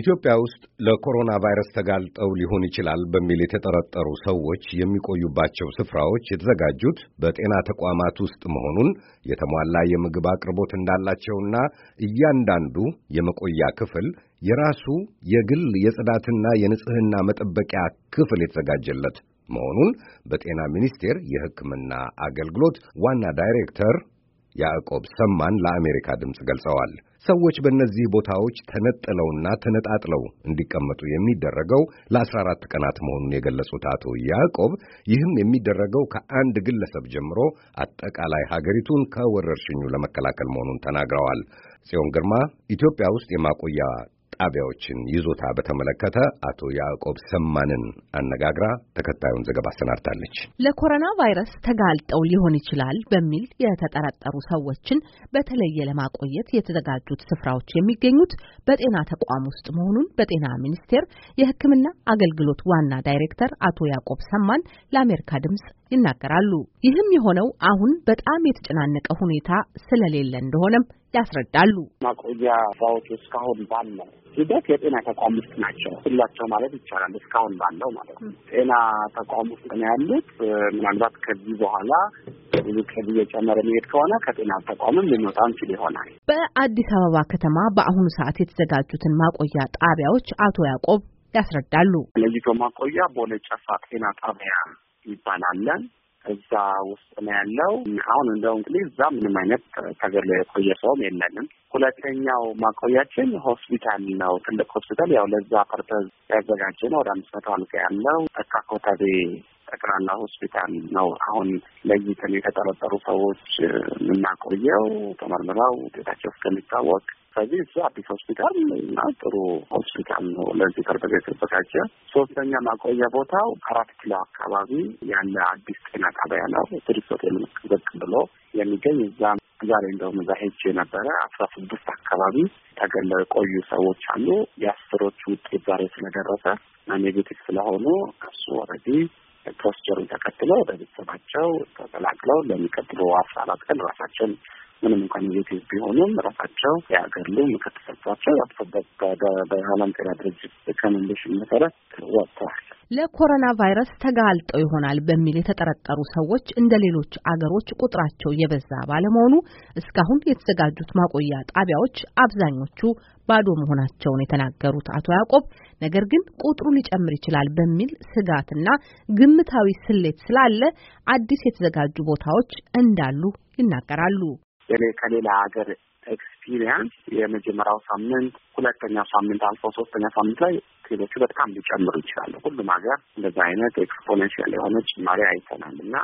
ኢትዮጵያ ውስጥ ለኮሮና ቫይረስ ተጋልጠው ሊሆን ይችላል በሚል የተጠረጠሩ ሰዎች የሚቆዩባቸው ስፍራዎች የተዘጋጁት በጤና ተቋማት ውስጥ መሆኑን የተሟላ የምግብ አቅርቦት እንዳላቸውና እያንዳንዱ የመቆያ ክፍል የራሱ የግል የጽዳትና የንጽህና መጠበቂያ ክፍል የተዘጋጀለት መሆኑን በጤና ሚኒስቴር የሕክምና አገልግሎት ዋና ዳይሬክተር ያዕቆብ ሰማን ለአሜሪካ ድምፅ ገልጸዋል። ሰዎች በእነዚህ ቦታዎች ተነጥለውና ተነጣጥለው እንዲቀመጡ የሚደረገው ለ14 ቀናት መሆኑን የገለጹት አቶ ያዕቆብ ይህም የሚደረገው ከአንድ ግለሰብ ጀምሮ አጠቃላይ ሀገሪቱን ከወረርሽኙ ለመከላከል መሆኑን ተናግረዋል። ጽዮን ግርማ ኢትዮጵያ ውስጥ የማቆያ ጣቢያዎችን ይዞታ በተመለከተ አቶ ያዕቆብ ሰማንን አነጋግራ ተከታዩን ዘገባ አሰናድታለች። ለኮሮና ቫይረስ ተጋልጠው ሊሆን ይችላል በሚል የተጠረጠሩ ሰዎችን በተለየ ለማቆየት የተዘጋጁት ስፍራዎች የሚገኙት በጤና ተቋም ውስጥ መሆኑን በጤና ሚኒስቴር የሕክምና አገልግሎት ዋና ዳይሬክተር አቶ ያዕቆብ ሰማን ለአሜሪካ ድምጽ ይናገራሉ። ይህም የሆነው አሁን በጣም የተጨናነቀ ሁኔታ ስለሌለ እንደሆነም ያስረዳሉ። ማቆያ ቦታዎች እስካሁን ባለው ሂደት የጤና ተቋም ውስጥ ናቸው ሁላቸው ማለት ይቻላል። እስካሁን ባለው ማለት ነው ጤና ተቋም ውስጥ ነው ያሉት። ምናልባት ከዚህ በኋላ ብዙ ከዚህ የጨመረ መሄድ ከሆነ ከጤና ተቋምም ልንወጣ እንችል ይሆናል። በአዲስ አበባ ከተማ በአሁኑ ሰዓት የተዘጋጁትን ማቆያ ጣቢያዎች አቶ ያዕቆብ ያስረዳሉ። ለይቶ ማቆያ ቦሌ ጨፋ ጤና ጣቢያ ይባላለን እዛ ውስጥ ነው ያለው። አሁን እንደው እንግዲህ እዛ ምንም አይነት ተገድሎ የቆየ ሰውም የለንም። ሁለተኛው ማቆያችን ሆስፒታል ነው፣ ትልቅ ሆስፒታል ያው ለዛ ፐርፐዝ ያዘጋጀ ነው። ወደ አምስት መቶ አልጋ ያለው እካ ኮተቤ ጠቅላላ ሆስፒታል ነው። አሁን ለይትን የተጠረጠሩ ሰዎች የምናቆየው ተመርምረው ውጤታቸው እስከሚታወቅ ስለዚህ እሱ አዲስ ሆስፒታል እና ጥሩ ሆስፒታል ነው ለዚህ ተርበገ የተዘጋጀ። ሶስተኛ ማቆያ ቦታው አራት ኪሎ አካባቢ ያለ አዲስ ጤና ጣቢያ ነው። ትሪሶት የምንቅበቅ ብሎ የሚገኝ እዛ ዛሬ እንደውም እዛ ሄጅ የነበረ አስራ ስድስት አካባቢ ተገለ ቆዩ ሰዎች አሉ። የአስሮች ውጤት ዛሬ ስለደረሰ ኔጌቲቭ ስለሆኑ እሱ ወረዲ ፕሮስቸሩን ተከትሎ ወደ ቤተሰባቸው ተቀላቅለው ለሚቀጥሉ አስራ አራት ቀን ራሳቸውን ምንም እንኳን ኔጌቲቭ ቢሆኑም ራሳቸው የሀገር ላይ ምክር ተሰጥቷቸው በዓለም ጤና ድርጅት ሪኮሜንዴሽን መሰረት ወጥተዋል። ለኮሮና ቫይረስ ተጋልጠው ይሆናል በሚል የተጠረጠሩ ሰዎች እንደ ሌሎች አገሮች ቁጥራቸው የበዛ ባለመሆኑ እስካሁን የተዘጋጁት ማቆያ ጣቢያዎች አብዛኞቹ ባዶ መሆናቸውን የተናገሩት አቶ ያዕቆብ ነገር ግን ቁጥሩ ሊጨምር ይችላል በሚል ስጋትና ግምታዊ ስሌት ስላለ አዲስ የተዘጋጁ ቦታዎች እንዳሉ ይናገራሉ። ከሌላ ሀገር ኤክስፒሪየንስ የመጀመሪያው ሳምንት፣ ሁለተኛው ሳምንት አልፎ ሶስተኛ ሳምንት ላይ ክህሎቹ በጣም ሊጨምሩ ይችላሉ። ሁሉም ሀገር እንደዛ አይነት ኤክስፖኔንሽል የሆነ ጭማሪ አይተናል እና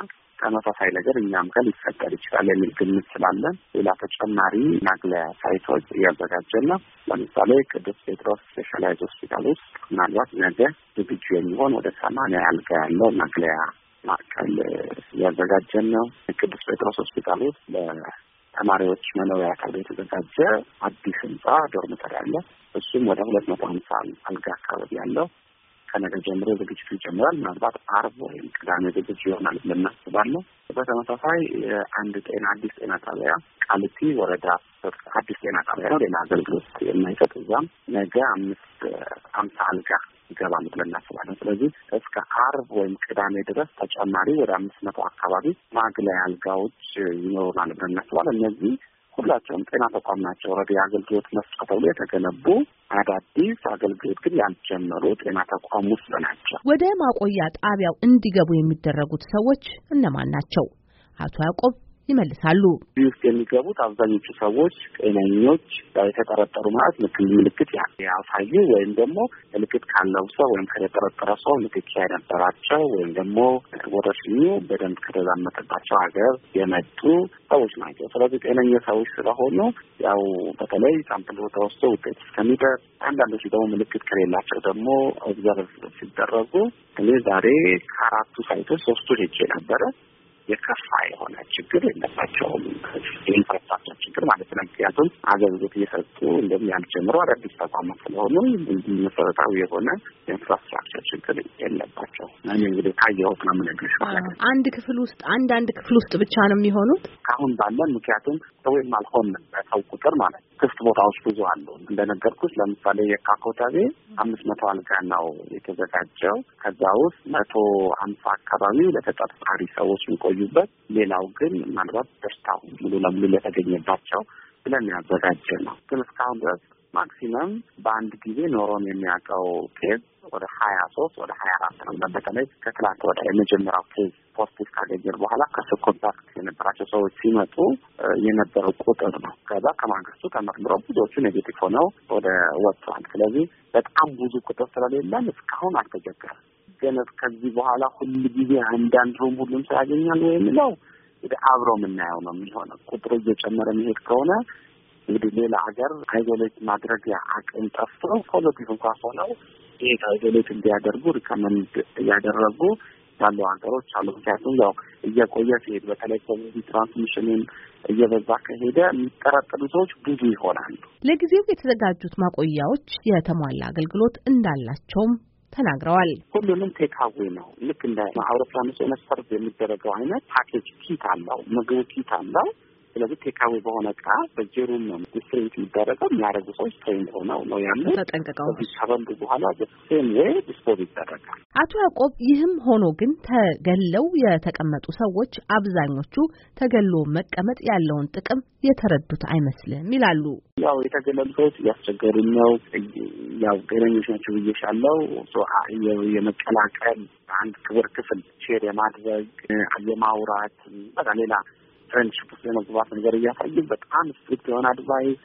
ተመሳሳይ ነገር እኛም ጋር ሊፈጠር ይችላል የሚል ግምት ስላለን ሌላ ተጨማሪ ማግለያ ሳይቶች እያዘጋጀን ነው። ለምሳሌ ቅዱስ ጴጥሮስ ስፔሻላይዝ ሆስፒታል ውስጥ ምናልባት ነገ ዝግጁ የሚሆን ወደ ሰማንያ አልጋ ያለው ማግለያ ማዕከል እያዘጋጀን ነው። ቅዱስ ጴጥሮስ ሆስፒታል ውስጥ ተማሪዎች መኖሪያ አካል የተዘጋጀ አዲስ ህንጻ ዶርሚተሪ አለ። እሱም ወደ ሁለት መቶ ሀምሳ አልጋ አካባቢ ያለው ከነገ ጀምሮ ዝግጅቱ ይጀምራል። ምናልባት አርብ ወይም ቅዳሜ ዝግጅት ይሆናል ልናስባለሁ። በተመሳሳይ አንድ ጤና አዲስ ጤና ጣቢያ ቃልቲ ወረዳ አዲስ ጤና ጣቢያ ነው፣ ሌላ አገልግሎት የማይሰጥ እዛም ነገ አምስት አምሳ አልጋ ይገባሉ ብለን እናስባለን። ስለዚህ እስከ አርብ ወይም ቅዳሜ ድረስ ተጨማሪ ወደ አምስት መቶ አካባቢ ማግለያ አልጋዎች ይኖሩናል ብለን እናስባለን። እነዚህ ሁላቸውም ጤና ተቋም ናቸው። ረዲ አገልግሎት መስጫ ተብሎ የተገነቡ አዳዲስ አገልግሎት ግን ያልጀመሩ ጤና ተቋም ውስጥ ናቸው። ወደ ማቆያ ጣቢያው እንዲገቡ የሚደረጉት ሰዎች እነማን ናቸው? አቶ ያዕቆብ ይመልሳሉ። እዚህ ውስጥ የሚገቡት አብዛኞቹ ሰዎች ጤነኞች የተጠረጠሩ ማለት ምክል ምልክት ያሳዩ ወይም ደግሞ ምልክት ካለው ሰው ወይም ከተጠረጠረ ሰው ንክኪ ያነበራቸው ወይም ደግሞ ወረርሽኙ በደንብ ከተዛመተባቸው ሀገር የመጡ ሰዎች ናቸው። ስለዚህ ጤነኛ ሰዎች ስለሆኑ ያው በተለይ ሳምፕል ተወስቶ ውጤት እስከሚደርስ አንዳንዶች ደግሞ ምልክት ከሌላቸው ደግሞ ኦብዘርቭ ሲደረጉ እኔ ዛሬ ከአራቱ ሳይቶች ሶስቱ ሄጄ ነበረ የከፋ የሆነ ችግር የለባቸውም። የኢንፍራስትራክቸር ችግር ማለት ነው። ምክንያቱም አገልግሎት እየሰጡ እንደም ጀምሮ አዳዲስ ተቋማት ስለሆኑ መሰረታዊ የሆነ የኢንፍራስትራክቸር ችግር የለባቸው። እኔ እንግዲህ ካየሁት ነው የምነግርሽ። አንድ ክፍል ውስጥ አንድ አንድ ክፍል ውስጥ ብቻ ነው የሚሆኑት ካሁን ባለን ምክንያቱም ሰው የማልሆን ሰው ቁጥር ማለት ነው ክፍት ቦታዎች ብዙ አሉ። እንደነገርኩት ለምሳሌ የካ ኮተቤ አምስት መቶ አልጋ ነው የተዘጋጀው። ከዛ ውስጥ መቶ አምሳ አካባቢ ለተጠርጣሪ ሰዎች የሚቆዩበት፣ ሌላው ግን ምናልባት በሽታው ሙሉ ለሙሉ ለተገኘባቸው ብለን ያዘጋጀ ነው። ግን እስካሁን ድረስ ማክሲመም በአንድ ጊዜ ኖሮን የሚያውቀው ኬዝ ወደ ሀያ ሶስት ወደ ሀያ አራት ነው። በተለይ ከትላንት ወደ የመጀመሪያው ኬዝ ፖስቲቭ ካገኘን በኋላ ከሱ ኮንታክት የነበራ ሰዎች ሲመጡ የነበረው ቁጥር ነው። ከዛ ከማንግስቱ ተመርምሮ ብዙዎቹ ኔጌቲቭ ሆነው ወደ ወጥቷል። ስለዚህ በጣም ብዙ ቁጥር ስለሌለን እስካሁን አልተቸገርም። ግን ከዚህ በኋላ ሁሉ ጊዜ አንዳንድ ሩም ሁሉም ሰው ያገኛል ወይ የሚለው እንግዲህ አብሮ የምናየው ነው የሚሆነው። ቁጥሩ እየጨመረ መሄድ ከሆነ እንግዲህ ሌላ ሀገር አይዞሌት ማድረግ አቅም ጠፍቶ ፖለቲክ እንኳ ሆነው ይሄ አይዞሌት እንዲያደርጉ ሪከመንድ እያደረጉ ያሉ ሀገሮች አሉ። ምክንያቱም ያው እየቆየ ሲሄድ በተለይ ኮሚኒቲ ትራንስሚሽንን እየበዛ ከሄደ የሚጠረጠሩ ሰዎች ብዙ ይሆናሉ። ለጊዜው የተዘጋጁት ማቆያዎች የተሟላ አገልግሎት እንዳላቸውም ተናግረዋል። ሁሉንም ቴካዌ ነው። ልክ እንደ አውሮፕላን ውስጥ መስፈርት የሚደረገው አይነት ፓኬጅ ኪት አለው፣ ምግብ ኪት አለው ስለዚህ ቴካዊ በሆነ እቃ በጀሩም ነው ዲስትሪቢዩት የሚደረገው። የሚያደረጉ ሰዎች ትሬንድ ሆነው ነው ያሉ ተጠንቅቀው ከበሉ በኋላ በሴም ወይ ዲስፖዝ ይደረጋል። አቶ ያዕቆብ፣ ይህም ሆኖ ግን ተገለው የተቀመጡ ሰዎች አብዛኞቹ ተገሎ መቀመጥ ያለውን ጥቅም የተረዱት አይመስልም ይላሉ። ያው የተገለሉ ሰዎች እያስቸገሩ ነው ያው ገለኞች ናቸው ብዬሻለው የመቀላቀል አንድ ክብር ክፍል ሼር የማድረግ የማውራት በቃ ሌላ ፍሬንድሽፕ ውስጥ የመግባት ነገር እያሳዩ በጣም ስትሪክት የሆነ አድቫይስ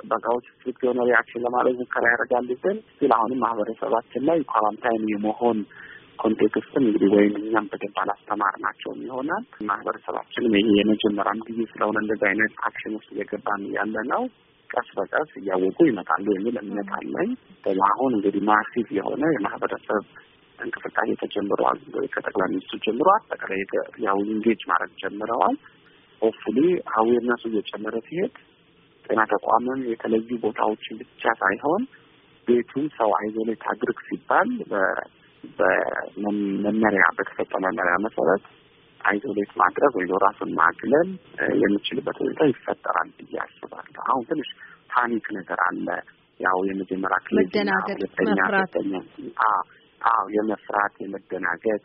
ጥበቃዎች ስትሪክት የሆነ ሪያክሽን ለማድረግ ሙከራ ያደርጋሉ። ግን ስቲል አሁንም ማህበረሰባችን ላይ ኳራንታይን የመሆን ኮንቴክስትም እንግዲህ ወይም እኛም በደንብ አላስተማር ናቸውም ይሆናል። ማህበረሰባችንም ይሄ የመጀመሪያም ጊዜ ስለሆነ እንደዚህ አይነት አክሽን ውስጥ እየገባን ያለ ነው። ቀስ በቀስ እያወቁ ይመጣሉ የሚል እምነት አለኝ። አሁን እንግዲህ ማሲቭ የሆነ የማህበረሰብ እንቅስቃሴ ተጀምረዋል። ከጠቅላይ ሚኒስትሩ ጀምሮ አጠቃላይ ያው ኢንጌጅ ማድረግ ጀምረዋል። ሆፕፉሊ አዌርነሱ እየጨመረ ሲሄድ ጤና ተቋምም የተለዩ ቦታዎችን ብቻ ሳይሆን ቤቱን ሰው አይዞሌት አድርግ ሲባል በመመሪያ በተሰጠ መመሪያ መሰረት አይዞሌት ማድረግ ወይ ራሱን ማግለል የሚችልበት ሁኔታ ይፈጠራል ብዬ አስባለሁ። አሁን ትንሽ ፓኒክ ነገር አለ። ያው የመጀመሪያ ክልል መደናገጥ፣ መፍራት፣ አዎ የመፍራት የመደናገጥ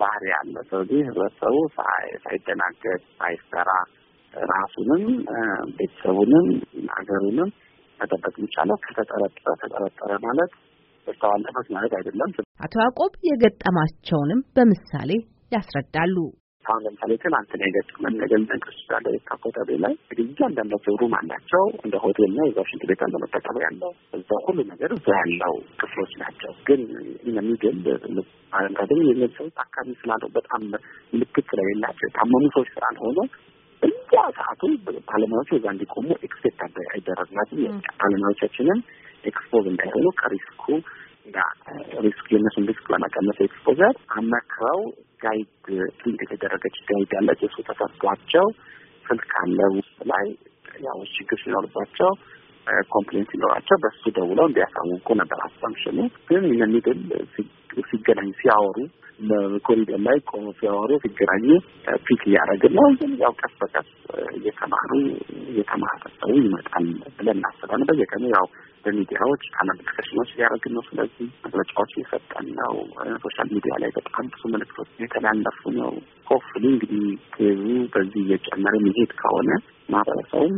ባህሪ ያለ ስለዚህ ህብረተሰቡ ሳይደናገድ ሳይሰራ ራሱንም ቤተሰቡንም ሀገሩንም መጠበቅ የሚቻለው ከተጠረጠረ ተጠረጠረ ማለት ተስተዋለበት ማለት አይደለም። አቶ ያዕቆብ የገጠማቸውንም በምሳሌ ያስረዳሉ። አሁን ለምሳሌ ትናንት ነው የገጠመን ነገር ልጠቅስ እችላለሁ። የካ ኮተቤ ላይ እንግዲህ እያንዳንዳቸው ሩም አላቸው እንደ ሆቴል ነው። እዛው ሽንት ቤት ለመጠቀም ያለው እዛ ሁሉ ነገር እዛ ያለው ክፍሎች ናቸው። ግን የሚገል አለምታደግ የሚል ሰው አካባቢ ስላለው በጣም ምልክት ስለሌላቸው የታመሙ ሰዎች ስላልሆነ እዚያ ሰዓቱ ባለሙያዎቹ እዛ እንዲቆሙ ኤክስፔክት አይደረግ ማለት ባለሙያዎቻችንም ኤክስፖዝ እንዳይሆኑ ከሪስኩ ሪስክ የነሱን ሪስክ ለመቀነስ ኤክስፖዘር አመክረው ጋይድ ሊንክ የተደረገች ጋይድ ያለ ሱ ተሰጥቷቸው ስልክ አለ ውስጥ ላይ ያው ችግር ሲኖርባቸው ኮምፕሌንት ሲኖራቸው በሱ ደውለው እንዲያሳውቁ ነበር አሳምሽኑ ግን ለሚድል ሲገናኝ ሲያወሩ ኮሪደር ላይ ቆሞ ሲያወሩ ሲገናኙ ፒክ እያደረግን ነው። ግን ያው ቀስ በቀስ እየተማሩ እየተማሰሰቡ ይመጣል ብለን እናስባለን። በየቀኑ ያው በሚዲያዎች ታናል ዲስከሽኖች እያደረግን ነው። ስለዚህ መግለጫዎች እየሰጠን ነው። ሶሻል ሚዲያ ላይ በጣም ብዙ ምልክቶች የተላለፉ ነው። ሆፍሊ እንግዲህ ኬዙ በዚህ እየጨመረ መሄድ ከሆነ ማህበረሰቡም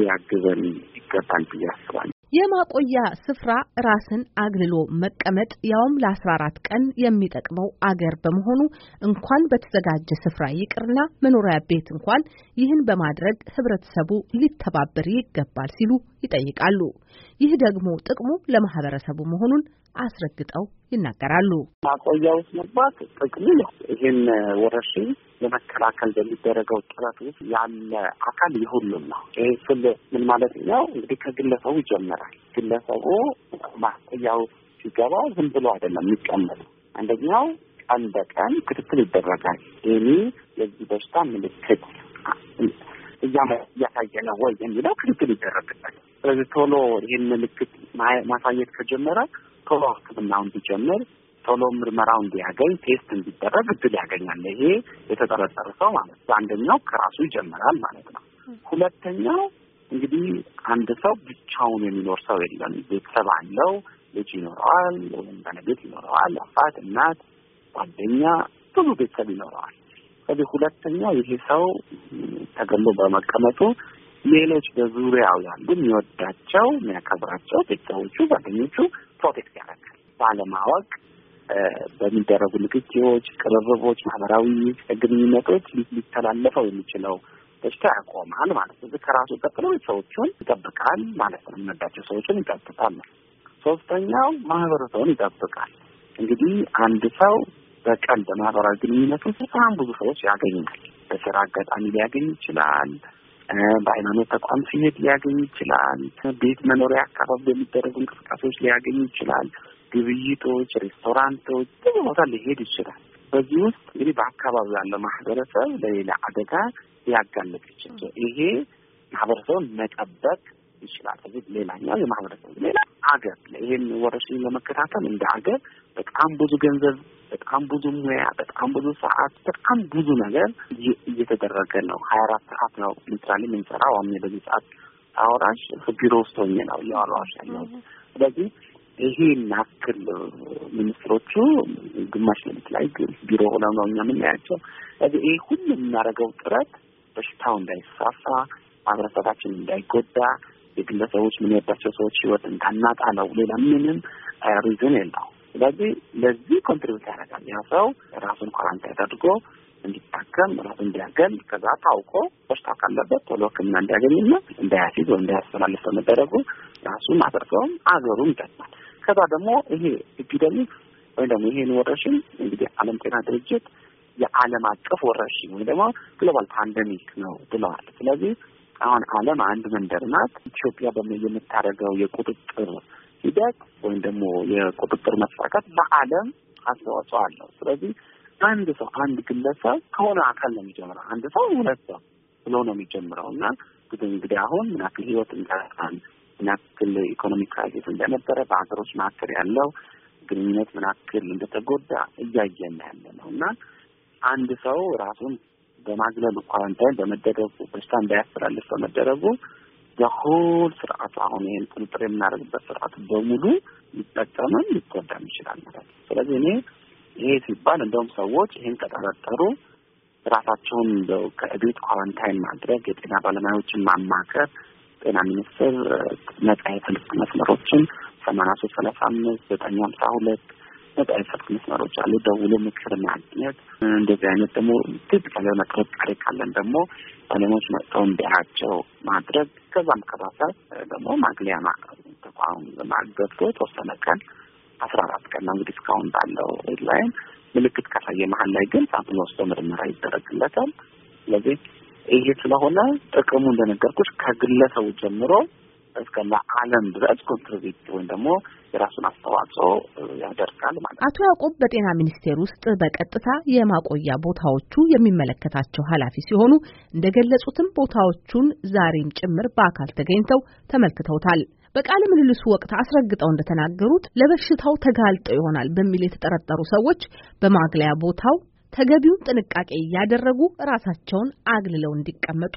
ሊያግዘን ይገባል ብዬ አስባለሁ። የማቆያ ስፍራ ራስን አግልሎ መቀመጥ ያውም ለ14 ቀን የሚጠቅመው አገር በመሆኑ እንኳን በተዘጋጀ ስፍራ ይቅርና መኖሪያ ቤት እንኳን ይህን በማድረግ ህብረተሰቡ ሊተባበር ይገባል ሲሉ ይጠይቃሉ። ይህ ደግሞ ጥቅሙ ለማህበረሰቡ መሆኑን አስረግጠው ይናገራሉ። ማቆያ ውስጥ መግባት ጥቅሙ ይህን ወረርሽኝ ለመከላከል በሚደረገው ጥረት ውስጥ ያለ አካል የሁሉም ነው። ይህ ስል ምን ማለት ነው? እንግዲህ ከግለሰቡ ይጀምራል። ግለሰቡ ማቆያ ውስጥ ሲገባ ዝም ብሎ አይደለም የሚቀመጥ። አንደኛው ቀን በቀን ክትትል ይደረጋል። ይህ የዚህ በሽታ ምልክት እያሳየ ነው ወይ የሚለው ክትትል ይደረግበት። ስለዚህ ቶሎ ይህን ምልክት ማሳየት ከጀመረ ቶሎ ሕክምናው እንዲጀምር ቶሎ ምርመራው እንዲያገኝ ቴስት እንዲደረግ እድል ያገኛል። ይሄ የተጠረጠረ ሰው ማለት ነው። አንደኛው ከራሱ ይጀምራል ማለት ነው። ሁለተኛው እንግዲህ አንድ ሰው ብቻውን የሚኖር ሰው የለም። ቤተሰብ አለው። ልጅ ይኖረዋል፣ ወይም ባለቤት ይኖረዋል፣ አባት፣ እናት፣ ጓደኛ፣ ብዙ ቤተሰብ ይኖረዋል። ስለዚህ ሁለተኛው ይሄ ሰው ተገሎ በመቀመጡ ሌሎች በዙሪያው ያሉ የሚወዳቸው የሚያከብራቸው ቤተሰቦቹ፣ ጓደኞቹ ፕሮቴክት ያደርጋል። ባለማወቅ በሚደረጉ ንግግሮች፣ ቅርርቦች፣ ማህበራዊ ግንኙነቶች ሊተላለፈው የሚችለው በሽታ ያቆማል ማለት ነው። እዚህ ከራሱ ቀጥሎ ሰዎቹን ይጠብቃል ማለት ነው። የሚወዳቸው ሰዎችን ይጠብቃል። ሶስተኛው ማህበረሰቡን ይጠብቃል። እንግዲህ አንድ ሰው በቀን በማህበራዊ ግንኙነቱ በጣም ብዙ ሰዎች ያገኛል። በስራ አጋጣሚ ሊያገኝ ይችላል። በሃይማኖት ተቋም ሲሄድ ሊያገኝ ይችላል። ቤት መኖሪያ አካባቢ በሚደረጉ እንቅስቃሴዎች ሊያገኝ ይችላል። ግብይቶች፣ ሬስቶራንቶች፣ ብዙ ቦታ ሊሄድ ይችላል። በዚህ ውስጥ እንግዲህ በአካባቢ ያለው ማህበረሰብ ለሌላ አደጋ ሊያጋለጥ ይችላል። ይሄ ማህበረሰቡን መጠበቅ ይችላል። ስለዚህ ሌላኛው የማህበረሰብ ሌላ ሀገር ይህን ወረርሽኝ ለመከታተል እንደ ሀገር በጣም ብዙ ገንዘብ፣ በጣም ብዙ ሙያ፣ በጣም ብዙ ሰዓት፣ በጣም ብዙ ነገር እየተደረገ ነው። ሀያ አራት ሰዓት ነው ምሳሌ የምንሰራው። አሁን በዚህ ሰዓት አውራሽ ቢሮ ውስጥ ሆኜ ነው እያወራሁሽ ያለው። ስለዚህ ይሄን ያክል ሚኒስትሮቹ ግማሽ ሌሊት ላይ ቢሮ ሆነው ነው እኛ የምናያቸው። ስለዚህ ይሄ ሁሉ የምናደርገው ጥረት በሽታው እንዳይሳሳ ማህበረሰባችን እንዳይጎዳ የግለሰቦች ምን ያባቸው ሰዎች ህይወት እንዳናጣ ነው። ሌላ ምንም ሪዝን የለው። ስለዚህ ለዚህ ኮንትሪቢዩት ያደርጋል። ያ ሰው ራሱን ኳራንታይን አድርጎ እንዲታከም ራሱ እንዲያገል ከዛ ታውቆ በሽታ ካለበት ቶሎ ሕክምና እንዲያገኝና እንዳያሲዝ ወይም እንዳያስተላልፍ በመደረጉ ራሱም አድርገውም አገሩም ይጠቅማል። ከዛ ደግሞ ይሄ ኤፒደሚክ ወይም ደግሞ ይሄን ወረርሽኝ እንግዲህ ዓለም ጤና ድርጅት የዓለም አቀፍ ወረርሽኝ ወይም ደግሞ ግሎባል ፓንደሚክ ነው ብለዋል። ስለዚህ አሁን ዓለም አንድ መንደር ናት። ኢትዮጵያ የምታደርገው የቁጥጥር ሂደት ወይም ደግሞ የቁጥጥር መስፋፋት በአለም አስተዋጽኦ አለው። ስለዚህ አንድ ሰው አንድ ግለሰብ ከሆነ አካል ነው የሚጀምረው። አንድ ሰው ሁለት ሰው ብሎ ነው የሚጀምረው እና ብዙ እንግዲህ አሁን ምናክል ህይወት እንዳጣን ምናክል ኢኮኖሚ ክራይሲስ እንደነበረ በሀገሮች መካከል ያለው ግንኙነት ምናክል እንደተጎዳ እያየን ያለ ነው እና አንድ ሰው ራሱን በማግለሉ ኳረንታይን በመደረጉ በሽታ እንዳያስተላልፍ በመደረጉ የሆል ስርዓቱ አሁን ይህን ጥንጥር የምናደርግበት ስርዓቱ በሙሉ ሊጠቀምም ሊጎዳም ይችላል ማለት ነው። ስለዚህ እኔ ይሄ ሲባል እንደውም ሰዎች ይህን ከጠረጠሩ ራሳቸውን እንደው ከቤት ኳረንታይን ማድረግ፣ የጤና ባለሙያዎችን ማማከር፣ ጤና ሚኒስቴር ነጻ የስልክ መስመሮችን ሰማንያ ሶስት ሰላሳ አምስት ዘጠኝ ሀምሳ ሁለት በጣም አይሰጥ መስመሮች አሉ። ደውሎ ምክር ማግኘት እንደዚህ አይነት ደግሞ ትክክል የሆነ ጥርጣሬ ካለን ደግሞ ባለሙያዎች መጥተው እንዲያቸው ማድረግ ከዛም ከባሰ ደግሞ ማግለያ ተቋም ማገብቶ የተወሰነ ቀን አስራ አራት ቀን ነው እንግዲህ እስካሁን ባለው ላይም ምልክት ካሳየ መሀል ላይ ግን ሳምፕል ወስዶ ምርመራ ይደረግለታል። ስለዚህ ይሄ ስለሆነ ጥቅሙ እንደነገርኩች ከግለሰቡ ጀምሮ እስከ ለዓለም ድረስ ኮንትሪቢዩት ወይም ደግሞ የራሱን አስተዋጽኦ ያደርጋል ማለት ነው። አቶ ያዕቆብ በጤና ሚኒስቴር ውስጥ በቀጥታ የማቆያ ቦታዎቹ የሚመለከታቸው ኃላፊ ሲሆኑ እንደገለጹትም ቦታዎቹን ዛሬም ጭምር በአካል ተገኝተው ተመልክተውታል። በቃለ ምልልሱ ወቅት አስረግጠው እንደተናገሩት ለበሽታው ተጋልጠው ይሆናል በሚል የተጠረጠሩ ሰዎች በማግለያ ቦታው ተገቢውን ጥንቃቄ እያደረጉ ራሳቸውን አግልለው እንዲቀመጡ፣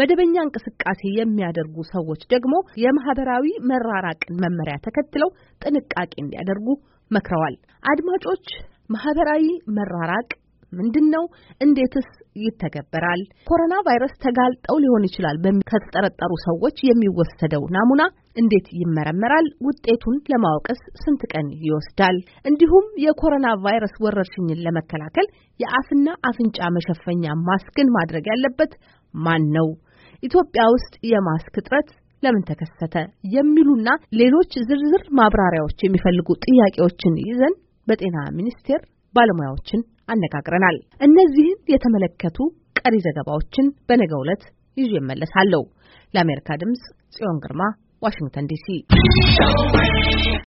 መደበኛ እንቅስቃሴ የሚያደርጉ ሰዎች ደግሞ የማህበራዊ መራራቅን መመሪያ ተከትለው ጥንቃቄ እንዲያደርጉ መክረዋል። አድማጮች፣ ማህበራዊ መራራቅ ምንድን ነው? እንዴትስ ይተገበራል? ኮሮና ቫይረስ ተጋልጠው ሊሆን ይችላል ከተጠረጠሩ ሰዎች የሚወሰደው ናሙና እንዴት ይመረመራል? ውጤቱን ለማወቅስ ስንት ቀን ይወስዳል? እንዲሁም የኮሮና ቫይረስ ወረርሽኝን ለመከላከል የአፍና አፍንጫ መሸፈኛ ማስክን ማድረግ ያለበት ማን ነው? ኢትዮጵያ ውስጥ የማስክ እጥረት ለምን ተከሰተ? የሚሉና ሌሎች ዝርዝር ማብራሪያዎች የሚፈልጉ ጥያቄዎችን ይዘን በጤና ሚኒስቴር ባለሙያዎችን አነጋግረናል። እነዚህን የተመለከቱ ቀሪ ዘገባዎችን በነገ ዕለት ይዤ እመለሳለሁ። ለአሜሪካ ድምፅ ጽዮን ግርማ ዋሽንግተን ዲሲ